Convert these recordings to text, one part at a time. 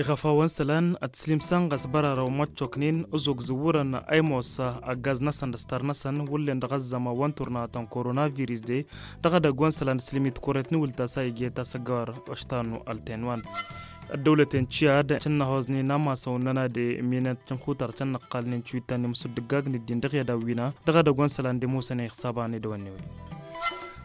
ighafawenselan ad slimsanqas bararaw machoknin uzug zuwuran aimosa agaz nasan dastarnasan wullen daqas zama wanturnaatan koronavirusde daqadagwenselan slimit koretni wultasa igetasagar oshtanu altenwan dowlaten ciad canna hozni namasawnanade minat cankutar canna qalnin cuitani musudgagni din daqyada wina daqadagwenselande musane ixsabani dawanewe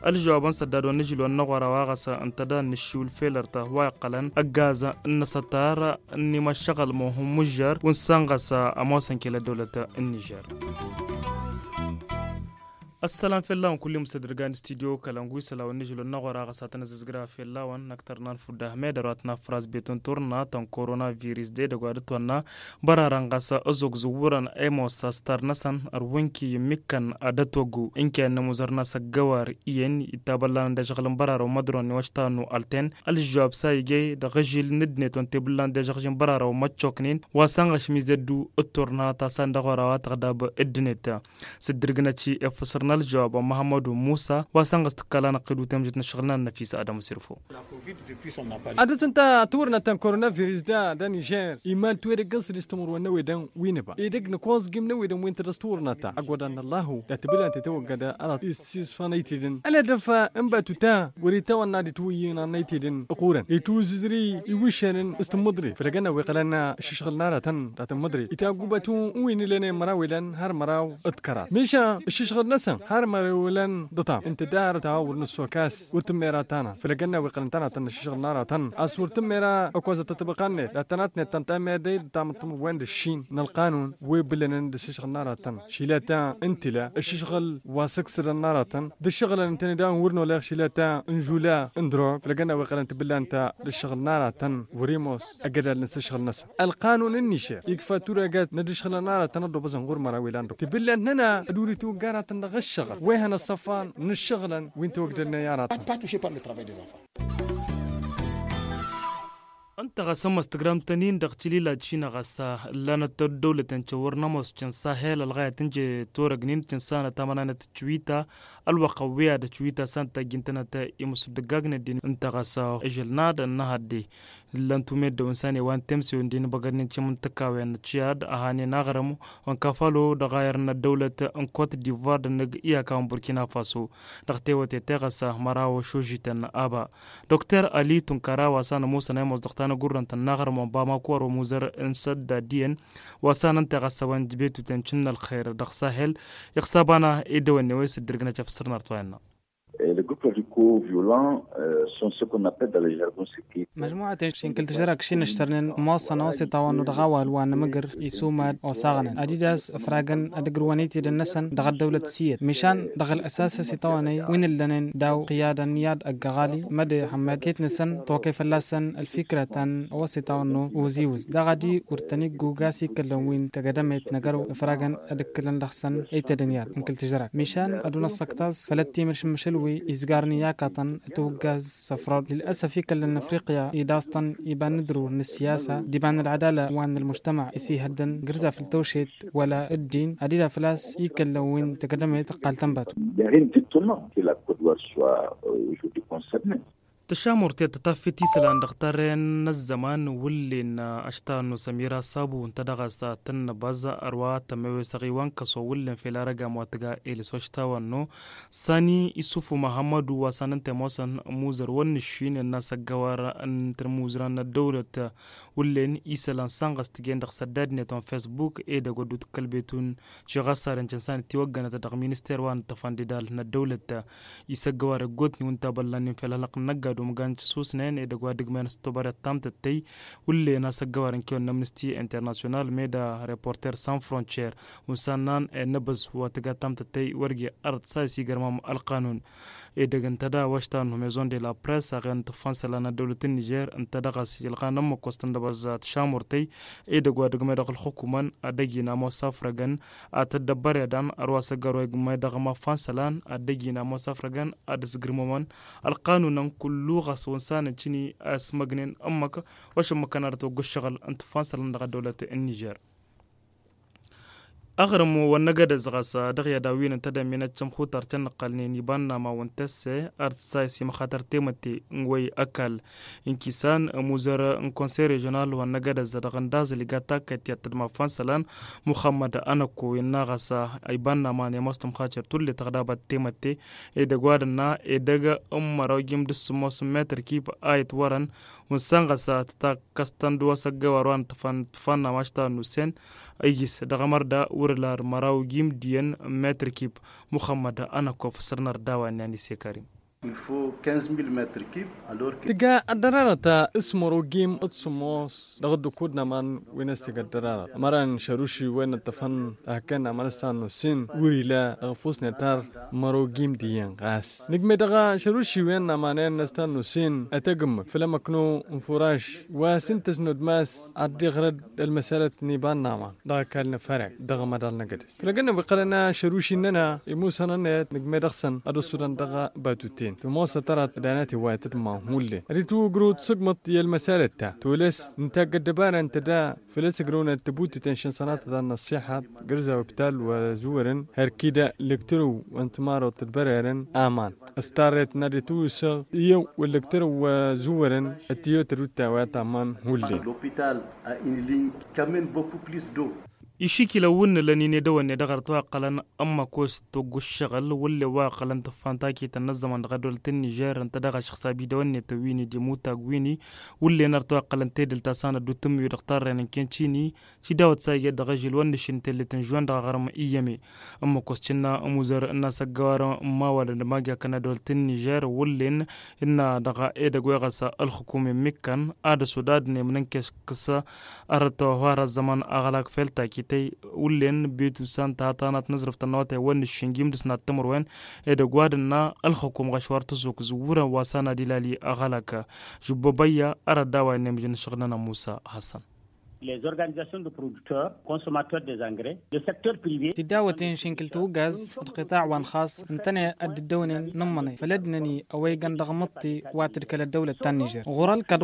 الجوابان سدادو نجلو النغورا واغسا انتدا نشيو الفيلر الفيلرتا واقلا اقازا النسطارة اني ما شغل موهم مجر ونسانغسا اموسن كلا دولة النجر السلام في الله وكل مستدرجان استديو كلامغوي سلا ونجلو نغورا غساتنا ززغرا في الله وان نكتر نان فودا ميد راتنا فراز بيتون تورنا تان كورونا فيروس دي دغوار تونا براران غسا ازوك زوران ايمو ساستار نسان اروينكي ميكان ادتوغو انكي ان مزرنا سغوار ين يتابلان دا شغلن برارو مدرون وشتانو التين الجواب سايجي دا غجيل ندني تون تبلان دا شغلن برارو ماتشوكنين واسان غشميزدو اتورنا تاسان دغورا واتغداب ادنيتا سدرغناتشي افسرنا نال جواب محمد موسى وسان تكلا نقلو تم جتنا شغلنا نفيس ادم سيرفو ادو تنتا تورنا تم كورونا فيروس دا دا نيجير ايمان توير قصر يستمر ونا ويدان وينبا ايدك نكوز جيم نويدان وينتا ترستورنا تا اقودان الله لا تبلا انت توقد على اسيس فانيتيدن الا دفا امبا توتا وريتا ونا دي توينا نايتيدن قورن ايتو زري يوشن استمدري فرقنا ويقلنا ششغلنا راتن راتن مدري ايتا قوبتو وين لنا مراويلن هر مراو اتكرات ميشا ششغلنا سن هر مره ولن دتا انت دار تا ورنسو كاس ورتم ميرا تانا فلقنا تانا تن شغل نارا تن اس ورتم ميرا اكوز تطبقن لا تن تنتم دي تام تم وين الشين القانون وبلن اند شغل نارا تن شيلاتا انت لا الشغل واسكسر سر تن دش شغل انت دا ور نو لا شيلاتا انجولا اندرو فلقنا وقلنت تبلا انت للشغل نارا تن وريموس اقدر شغل نس القانون النشا يكفى تورا قد ندشغل نارا تن دو بزن غور مرا ويلاندو تبلا اننا دوري تو قارا تنغش الشغل وهنا صفان من الشغل وين توقدرنا يا أنت غسم استغرام تنين دقتلي لا تشينا غسا لنا تدولة تنشورنا مس تنسا الغاية تنجي تورق نين تنسا نتامنا alwaqa wiyada cuita santa gintanata imusudagagna intaqasa ijilnada nahadi lantume downsani wan temsi wandin bagadni cimuntakawen ciad ahani nagaramu on kafalo dagayarna dowlat on cote d'ivoire nag iyaka on burkina faso daqtewate teqasa marawo shojitan aba docteur ali tunkara wasana musana mos daqtana gurranta nagaramu bama kuwaro muzar insadda dien wasana teqasa wan jibetutan cinnal khair daqsa hel iqsabana idawani waysa dirgna بسرنا رتوينا Euh, مجموعة كل تجرك شين اشترنن موصا نوصي طوان ودغاوة الوان مقر يسوما وصاغنن أديداس افراغن أدقروانيتي دنسن دغا دولة سير مشان دغا الأساسة سيطواني وين اللنين داو قيادة نياد أقغالي مدي حمد كيت نسن توقي فلاسن الفكرة تن وسيطوانو وزيوز دغا دي ورتني قوغاسي كلن وين تقدمت نقرو افراغن أدقلن لخسن ايتدنياد انكل تجرك مشان ادونا السكتاز فلتي مشلوي إزقارني ساقطا توجز صفراء للأسف يكلن أفريقيا إداستن يبان ندرو أن السياسة ديبان العدالة وأن المجتمع يسي هدن قرزة في التوشيت ولا الدين عديدة فلاس يكل يكلون تقدمت قال تنباتو تشامر تتطفي تيسل عند اختارين الزمان واللي ان اشتانو سميرا سابو انتدغا ساتن بازا اروا تموي سغيوان كسو واللي في مواتقا ايلي سوشتا وانو ساني يسوفو محمد انت موسان موزر ونشين الناس الجوار انت ترموزران الدولة واللي ان إيسلان سانغس تجين دخ سداد نتون فيسبوك ايدا قدو تكلبيتون جغاسار انجنسان تيوغا نتدغ منستير وان تفاندي دال الدولة يسا جوار قوتني بلان في الهلق نقادو dhumaganchi suusneen ee dhagwaa digmeen tobaretamtettey wulleena saggawarankiyo namnesty international meda reporter san frontier musanan ee nabas watigatamtettey wargi ard saasii garmaamo alqanun ee dhegantada washtan de la press aqeenta fansalana dowlata niger inta dhaqas yilqaanamo kostan dhabazaad shaamurtay ee dhagwaa digmee dhaqal xukuman adhagiinamo safragan atadabareedan arwaasagaroegmee dhaqama fansalan adhagiinamo safragan adisgirmaman alqanunan kullu لغة سونسان تشيني اسمغنين أمك واش مكان رتو قشغل أنت فانسل دولة النيجر akhrimu wanagada zakasa dakyada dawina tada mina chamku tarta naqalni nibanna ma wantase artsaisi makhatar temati ngway akal inkisan muzara conseil régional wanagada zadagandaz ligata katia tadma fansalan muhammad anako inagasa ibanna ma ne mastum khacher tulle tagdaba temati e dagwadna e daga ummaro gimdus mos meter kip ait waran munsangasa ta kastanduwa sagga warwan tfan tfanna nusen aigis dagamarda wurlar Maraou, gim Dien, maître kip muhammad anakov sarnar dawa nani sekarim تجا الدرارة اسمرو جيم اتسموس دغدو كودنا من وينستيك الدرارة مران شاروشي وين التفن اهكان امانستانو سين ويلا غفوس نتار مرو ديان غاس دغا شاروشي وين نستانو سين اتقم فلما كنو تسنود ماس عدي غرد المسألة نيبان ناما دغا كالنا دغا مدال نقدس فلقنا شاروشي ننا نت دغسن ادو دغا باتوتين تولين تموسة ترى دانات هواية تدمى مولي ريتو قرود سقمت يا المسالة تا تولس انت قد بان انت دا فلس قرونا تبوت تنشن صنات دا النصيحة قرزة وبتال وزورن هركيدا لكترو وانتمارو تدبررن امان استارت ناديتو سغ يو والكترو وزورن اتيو تروتا واتا مان مولي L'hôpital a une ligne, quand même beaucoup ishikila wunna lanine dawane dagartoa qalan amma kosto gushaqal wulle waa qalan tafantaaki tanna zaman dagadol tan niger anta daga shaqsabi dawane ta wini di muta gwini wulle nartoa qalan tedel tasana dutum yu daqtar renan kenchini si dawat saiga dagajil wanne shintele tan juan daga garama iyame amma koschina amuzar inna saggawara amma wala damaga kana dol tan niger wulle inna daga eda gwegasa alxukumi mikkan ada sudad ne mnankesh kasa aratoa hwara zaman agalak feltaaki tai ulen bitu santa ta nat nazraf ta nawata wan shingim dis na tamur wen e da gwadin na al hukum gashwar ta zuk zuwuran wasana dilali aghalaka jubbabaya ara dawa ne mijin shagna na Musa Hassan les organisations de producteurs, consommateurs des engrais, le secteur privé. تداوة شنكل توغاز القطاع وان خاص انتنا قد نمني فلدنني اويغن دغمطي واترك للدولة النيجر غورال قد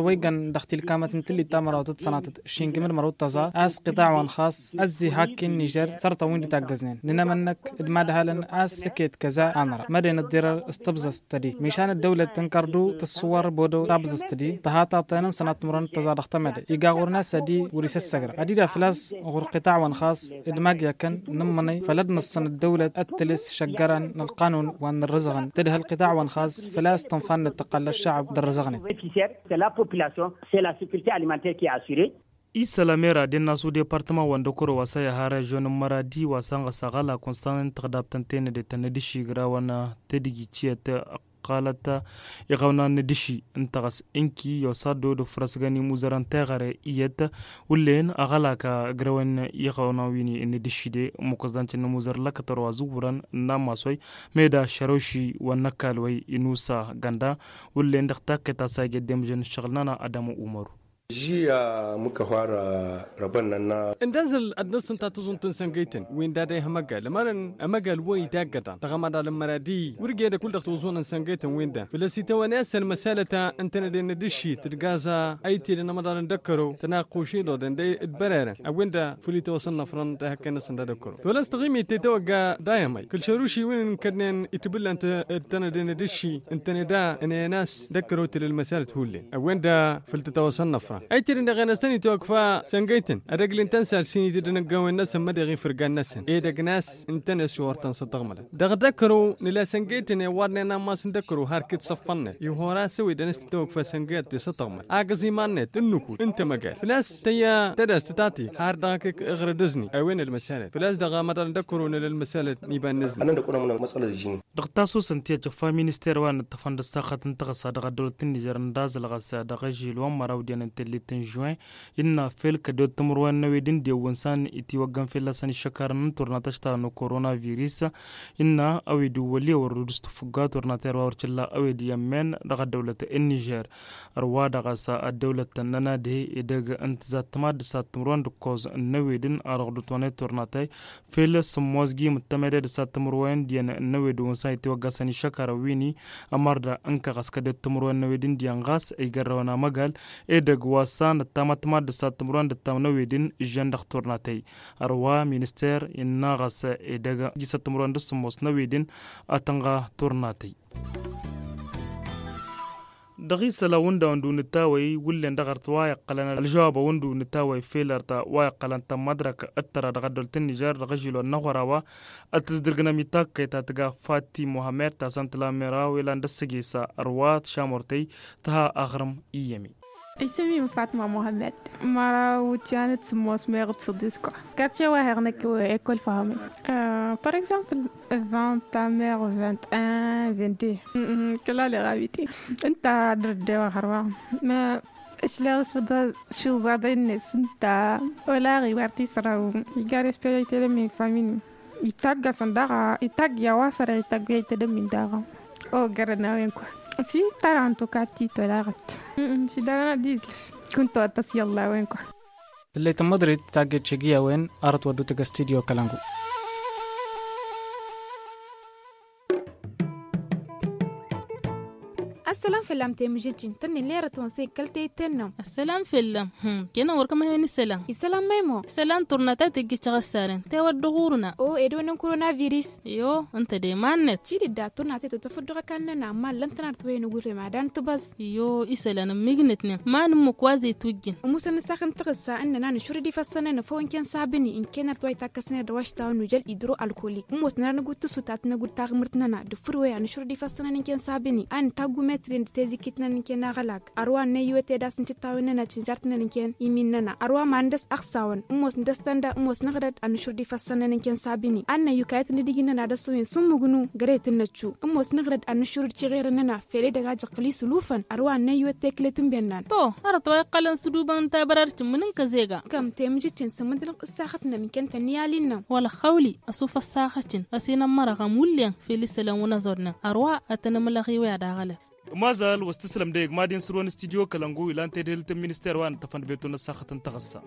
دختي الكامة نتلي تامرا وتت سنات شنك مرو تزا اس قطاع وان خاص ازي هاكي النيجر سرطة وين تاغزنين ننا منك ادماد هالن اس سكيت كذا امرا مدينة الدرر استبزز تدي مشان الدولة تنكردو تصور بودو تابزز تدي تهاتا تنن سنات مرن تزا دخت مدي يغاغورنا سدي بس السجرة أديد أفلاس غر قطاع ونخاص إدماج يكن نمني فلدنا السنة الدولة التلس شجرا القانون وأن الرزغن تده القطاع ونخاص فلاس تنفن التقل الشعب در الرزغن isa lamera din nasu departement wanda kuro wasa ya hara jonin maradi wasan ga sagala constant tagdaptan tene de tane di shigira wana tedigi digi qalata iqawnan dishi intagas inki yosado do frasgani muzarantexare iyet wulen axalaka grawen iqawnawini ini dishide mukasdancina muzar lakataro azuburan namasoy meda sharoshi wanakalway inusa ganda wulen daxta ketasage demjen shaglnana adamu umaru jiya muka fara rabon nan na indazil adnasin ta tuzun tun san gaitin wen da dai hamaga lamarin amagal wai da gada da gama da lamaradi wurge da kul da tuzun nan san gaitin wen da filasi ta wani asan masalata antana da nadishi tidgaza aiti da namadan dakaro tana qoshi do dan dai barara a wen da fuli ta wasan nafran da hakka nasan da dakaro to las tagimi ta tawaga dayamai kul sharushi wen kadnen itbillan ta tana da nadishi antana da ananas dakaro til masalat hulle a wen da filta ta wasan nafran ايتر دغنا سني توقفا سنجيتن الرجل انت نسال سني تدنا جو الناس ما دغي فرقان ناس اي دغ ناس انت نسور تنصدغمل دغ ذكروا نلا سنجيتن ورنا ما سنذكروا هركت صفن يهورا سوي دنس توقفا سنجيت تستغمل اغزي مانت النكو انت مقال فلاس تيا تدس تتاتي هار دغك اغردزني اوين المساله فلاس دغ ما ذكروا للمساله نيبان نزل انا دكونا من سنتي مينستير وان تفند نيجر دغ جيل انت litin juin inna felka do tumurwana wedin de wansan iti wagan fella sani shakarnan tornata shta no coronavirus inna awidu wali warudust fuga tornata war chilla awidi yemen daga dawlata en niger arwa daga sa dawlata nana de idaga antizatma de satumron de cause nawedin arqdu tone tornata fella smozgi mutamede de satumrwan diana nawedu wansan iti wagan sani shakara wini amarda anka qaskade tumurwana wedin diangas ay garwana magal edag waasaan tamatma dhasaatamuraan dhataamnawedin ijandhaqturnatay arwaa ministeer innaqasa edaga jisatamuraan dhasamosnawedin atanqa turnatay dhaqiisala wanda undunitaaway willendhaqart waayaqalan al-shabaaba wanda unitaaway felarta waayaqalanta madraka attara dhaqadholta nijar dhaqashilo naqorawa atasdirgnamitakaytaataga fati mohamed taasantilamerawelanda sigeysa arwaad shaamortay tahaa akram iyemi اسمي فاطمة محمد مرة وتشانت سمو سميغ تصديسكو كانت واهر نك ايكول فهمي بار اكزامبل 20 تا ميغ 21 22 كلا لي غابيتي انت درد وهروا ما شلاغ شفضا شو زاد الناس انت ولا غي وارتي سراو يقاري شبيري تلمي فاميني يتاقا صنداقا يتاق يواصر يتاق يتلمي داغا او قرنا وينكو سي طالعة كاتي طلعت سي دانا ديزل كنت أتصل الله وينكم اللي تمدري تاجد شقية وين أرد ودو تجا استديو كلانجو السلام في اللام تيم جيتين تني ليرة تونسي كالتي تنم السلام في اللام هم كنا وركم هني السلام السلام ميمو السلام تورناتا تيجي تغسارن تيوا الدهورنا او ادو نن كورونا فيروس يو انت دي مانت تشيدي دا تورناتا تتفدغ كاننا ما لنتنا توين غوري ما دان تبس يو اسلان ميغنتنا ما نمو كوازي توجين وموسى نساخن تغسا اننا نشور دي فسنا نفو ان كان صابني ان كان توي تاكسنا دواش تاو نجل ادرو الكوليك موسنا نغوت سوتات نغوت تاغمرتنا دفروي نشور دي فسنا ان كان صابني ان تاغو metrin tezi kitna ninken agalak arwa ne yuete das nti tawina na cinjartna ninken iminna na arwa mandas aksawan umos ndastanda umos nagdad anushurdi fassana ninken sabini anna yukayat ni digina na dasuin summugunu garetin na cu umos nagdad anushurdi chigirna na fele daga jaqli sulufan arwa ne yuete kletin bennan to aratwa qalan suduban tabarar tumunin kazega kam temjitin samadrin qissakhatna minken taniyalina wala khawli asufa sakhatin asina maraga mulyan fili salan wana zorna arwa atana malaxi wea dagala mazal wastisalam dayeg madin sirwan studio kalangu ilante delta minister wan tafan betuna sakhatan tagassa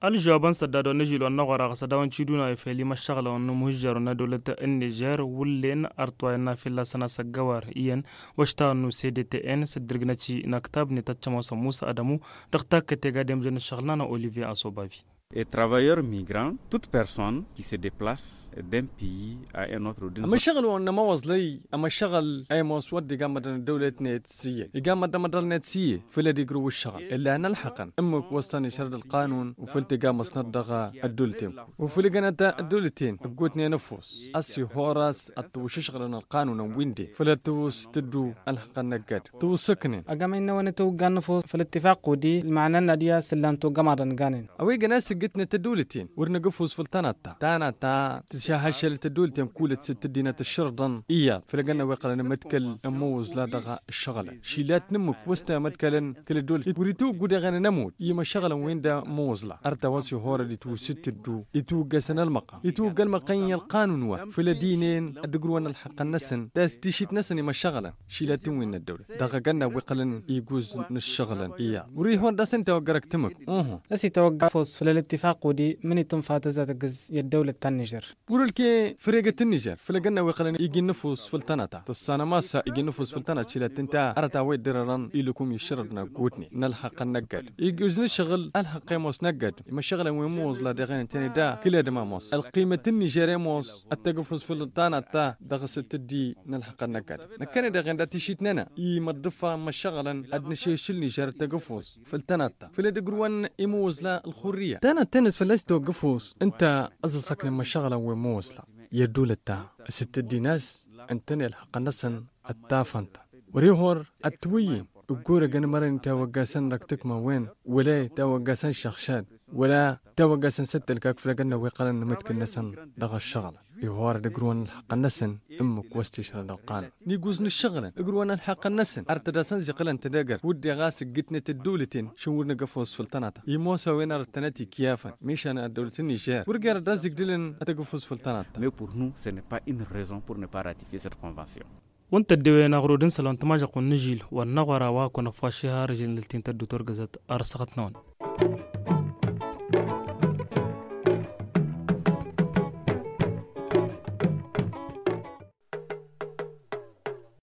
aljaban sadado na jilo na gwara kasa dawan na e feli shagla wani muhjar na dolata in niger wullen artoy na filla sana sagawar iyan washta nu cdtn sadirgna ci na ktab ne tacce musa adamu dakta ka tega dem jana shagla na olivier asobavi Et travailleurs migrants, toute personne qui se déplace d'un pays à un autre d'une أما الشغل وانا ما وصلي أما الشغل أي موسود دي قامت دولة نتسية قامت مدر نتسية فلا دي قرو الشغل إلا أنا الحقا أمك وسطني شرد القانون وفلتي قام صندغة الدولتين وفلي قناة الدولتين بقوتني نفوس أسي هوراس أتوش شغلنا القانون ويندي فلا توس تدو الحقا نقاد توسكني أقام إنه وانا توقع نفوس في الاتفاق ودي المعنى أن دي سلام توقع مدر نقانين أوي قناة قتنا تدولتين ورنا في فلتاناتا تاناتا تشاهش تدولتين كولة ست دينة الشرطن إيا فلقنا وقلنا متكل أموز لا دغا الشغلة شيلات نمك وستا متكل كل دول وريتو قد غانا نموت إيما شغلة وين دا موز لا أرتا أرتواسي هورا لتو ست الدو إتو قسنا المقا يتو قل مقين القانون وا في فلدينين أدقروانا الحق النسن دا تشيت نسن إيما شغلا شيلات وين الدولة دغا قلنا وقلن يجوز نشغلة إيا وريهون دا سنتا وقرك تمك أوه أسي توقف فوز فلالت اتفاق ودي من يتم فاتزة تجز الدولة النيجر قولوا لك فريق النيجر فلقنا ويقلنا يجي نفوس في فلتناتا تسانا ماسا يجي نفوس في فلتنا تشيلا تنتا أرتا ويد درران إلكم يشردنا قوتني نلحق النقد وزن الشغل ألحق موس نقد ما شغل ويموز لا دغين تاني دا كل دما موس القيمة النيجرية موس التقفوس في تا دغس تدي نلحق النقد نكني دغين دا تشيت نانا إي مدفا ما شغلا شل النيجر تقفوس في تا فلا دقروان يموز لا الخورية تنا أنا التنس فلاش توقفوس أنت أزلسك لما شغله وموصلة يدو للتا ست ناس أنتني الحق نسن التافنتا وريهور التوي الجورة جن مرن توجسن ركتك ما وين ولا توجسن شخشاد ولا توجسن ست الكاك فلقنا ويقال إن نسن دغ الشغلة يهوار دقرون الحق النسن أمك وستيشن القان نيجوز الشغله قرون الحق النسن أرتدسن زقلن تدقر ودي غاسق قتنة الدولتين شمور نقفو السلطنة يموسى وين أرتناتي كيافا ميش أنا الدولة النيجر ورقار دازك دلن أتقفو السلطنة Mais pour nous, ce n'est pas une raison pour ne pas ratifier cette convention. وانت الدوية نغرو دين سلام تماجق نجيل والنغرا واكو نفاشيها رجل للتين تدو ترقزت أرسقت نون